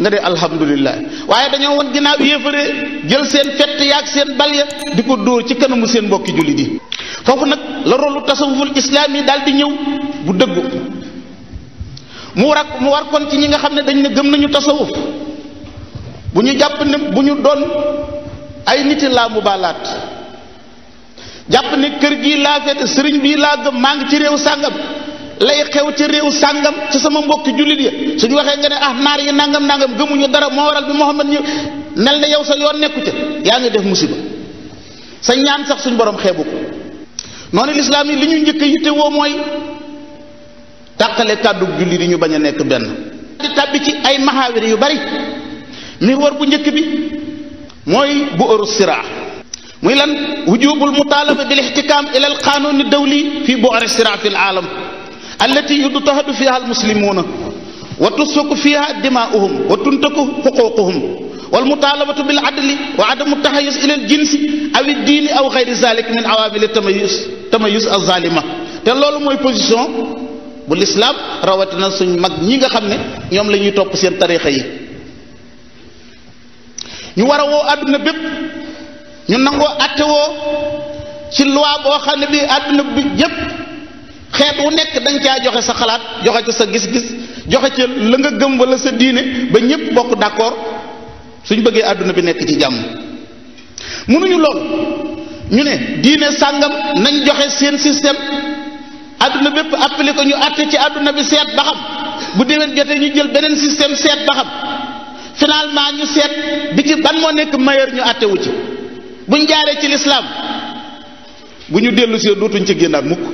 nga de alhamdulilah waaye dañoo woon ginnaaw yéefare jël seen fett ak seen bal ya di ko dóor ci kanamu seen mbokki jullit yi foofu nag la rolu tasawuful islaam yi daal di ñëw bu dëggu mu war ak mu ci ñi nga xam ne dañ ne gëm nañu tasawuf bu ñu jàpp ne bu ñu doon ay nitti laa mu jàpp ne kër gii laa fekk sëriñ bii laa gëm maa ngi ci réew sàngam lay xew ci rew sàngam ci sama mbokk julit ya suñu waxe nga ne ah mar yi nangam nangam gëmu ñu dara mo waral bi Muhammad ñu nal na yow sa yoon neeku ci ya nga def musiba sa ñaan sax suñu borom xebu ko noonu lislaam yi li ñu njëkk yitte wo moy takale kàddu julit yi ñu baña nekk ben di tàbbi ci ay mahawir yu bari ni wor bu njëkk bi moy bu uru sira muy lan wujubul mutalaba bil ihtikam ila al qanun qaanuuni dawli fi bu'r ëru siraa fi al alam التي يضطهد فيها المسلمون وتسفك فيها دماؤهم وتنتك حقوقهم والمطالبة بالعدل وعدم التحيز إلى الجنس أو الدين أو غير ذلك من عوامل التميز تميز الظالمة تلول موي بوزيسيون بو الاسلام رواتنا سن ماك نيغا خامني نيوم لا نيو توب سين تاريخي ني وارا وو ادنا بيب ني نانغو اتي وو سي لوا بو خامني بي ادنا بي ييب xeet wu nekk dañ nga caa joxe sa xalaat joxe ca sa gis-gis joxe ca la nga gëm wala sa diine ba ñëpp bokk d'accord suñ bëggee àdduna bi nekk ci jàmm mënuñu lool ñu ne diine sàngam nañ joxe seen système àdduna bépp appelé ko ñu àtt ci àdduna bi seet ba xam bu déwén jotee ñu jël beneen système seet ba xam finalement ñu seet bi ci ban moo nekk meilleur ñu àttewu ci buñ jaaree ci lislaam bu ñu dellu see dootuñ ci génnaat mukk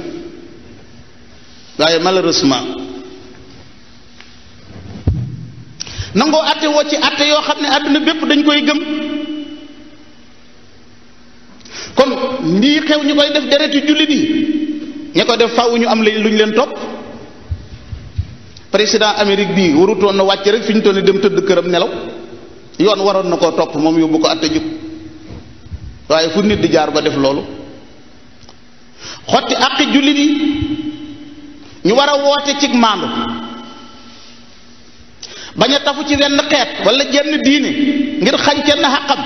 waaye malheureusement nangoo atte woo ci atte yoo xam ne àdduna bépp dañ koy gëm kon lii xew ñu koy def deretu jullit yi ña koy def faaw ñu am la lu ñu leen topp président Amérique bi warutoon na wàcc rek fi ñu toll dem tëdd këram nelaw yoon waroon na koo topp moom yóbbu ko àtte jub waaye fu nit di jaar ba def loolu xotti àqi jullit yi ñu war a woote cig maandu bañ a tafu ci wenn xeet wala jenn diine ngir xañ kenn xàqam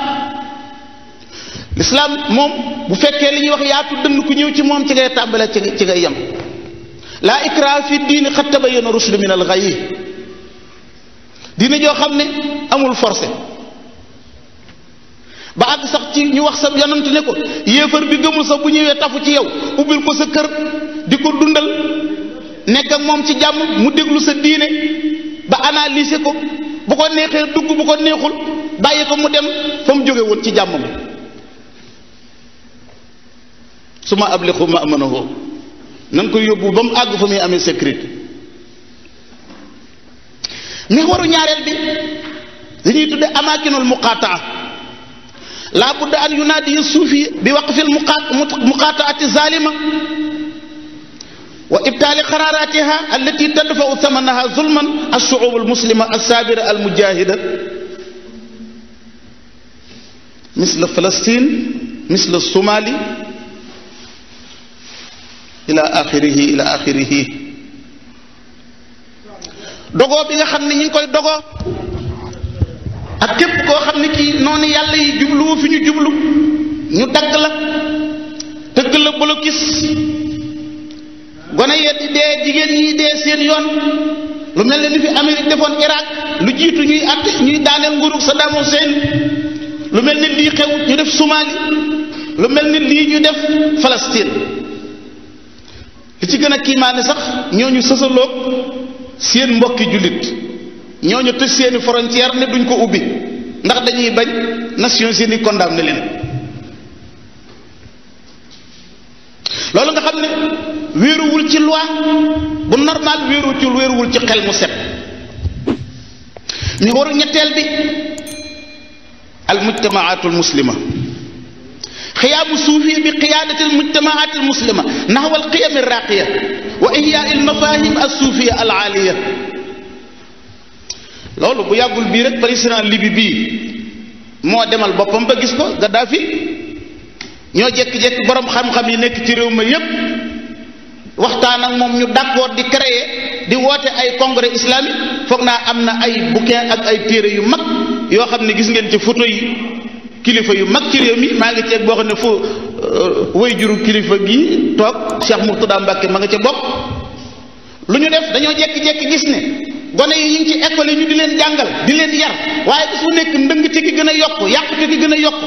lislaam moom bu fekkee li ñuy wax yaatu dënd ku ñëw ci moom ci ngay tàmbale ci ci ngay yem laa ikraa fi diini xat tabayyana ruslu min al ghayy diine joo xam ne amul forcé ba àgg sax ci ñu wax sa yonant ne ko yéefar bi gëmul sax bu ñëwee tafu ci yow ubbil ko sa kër di ko dundal nekk ak moom ci jàmm mu déglu sa diine ba analyser ko bu ko neexee dugg bu ko neexul bàyyi ko mu dem fa mu jóge woon ci jàmm ma su ma ablixu ma amanahu nan koy yóbbu ba mu àgg fa muy amee sécurité mais waru ñaareel bi li ñuy tudde amaakinul muqataa laa budda an yunaadi suufi bi waqfil muqataati zalima وإبدال قراراتها التي تدفع ثمنها ظلما الشعوب المسلمة السابرة المجاهدة مثل فلسطين مثل الصومالي إلى آخره إلى آخره دغو بيغا خامني نين كوي دغو اك كو خامني كي نوني يالله جوبلو فيني جوبلو ني دغلا تغلا بلوكيس gone yee dee jigéen ñi dee seen yoon lu mel ne li fi Amérique defoon Irak lu jiitu ñuy at ñuy daaneel nguurug Saddam Hussein lu mel ni lii xew ñu def Somalie lu mel ni lii ñu def Palestine li ci gën a kiimaane sax ñooñu sësaloog seen mbokki jullit ñu tëj seeni frontière ne duñ ko ubbi ndax dañuy bañ Nations Unies condamné leen wéruwul ci loi bu normal wéru ci wéruwul ci xel mu set ni waru ñettel bi al mujtama'at al muslima khiyam sufi bi al al mujtama'at muslima nahwa al qiyam al raqiya wa ihya al mafahim al sufiya al aliya lolu bu yagul bi rek président libi bi mo demal bopam ba gis ko Gaddafi ño jek jek borom xam-xam yi nek ci réew ma yépp waxtaan ak moom ñu d'accord di créer di woote ay congrès islamique foog naa am na ay bouquin ak ay téere yu mag yoo xam ne gis ngeen ci photo yi kilifa yu mag ci réew mi maa ngi ceeg boo xam ne fu euh, way kilifa gi toog Cheikh Mourtada Mbacke ma nga ca bokk lu ñu def dañoo jekki-jekki gis ne gone yi ñu ci école ñu di leen jàngal di leen yar waaye bis nekk ndëng te ki gën a yokk yàqute ki gën a yokk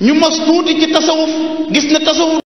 ñu mos tuuti ci tasawuf gis ne tasawuf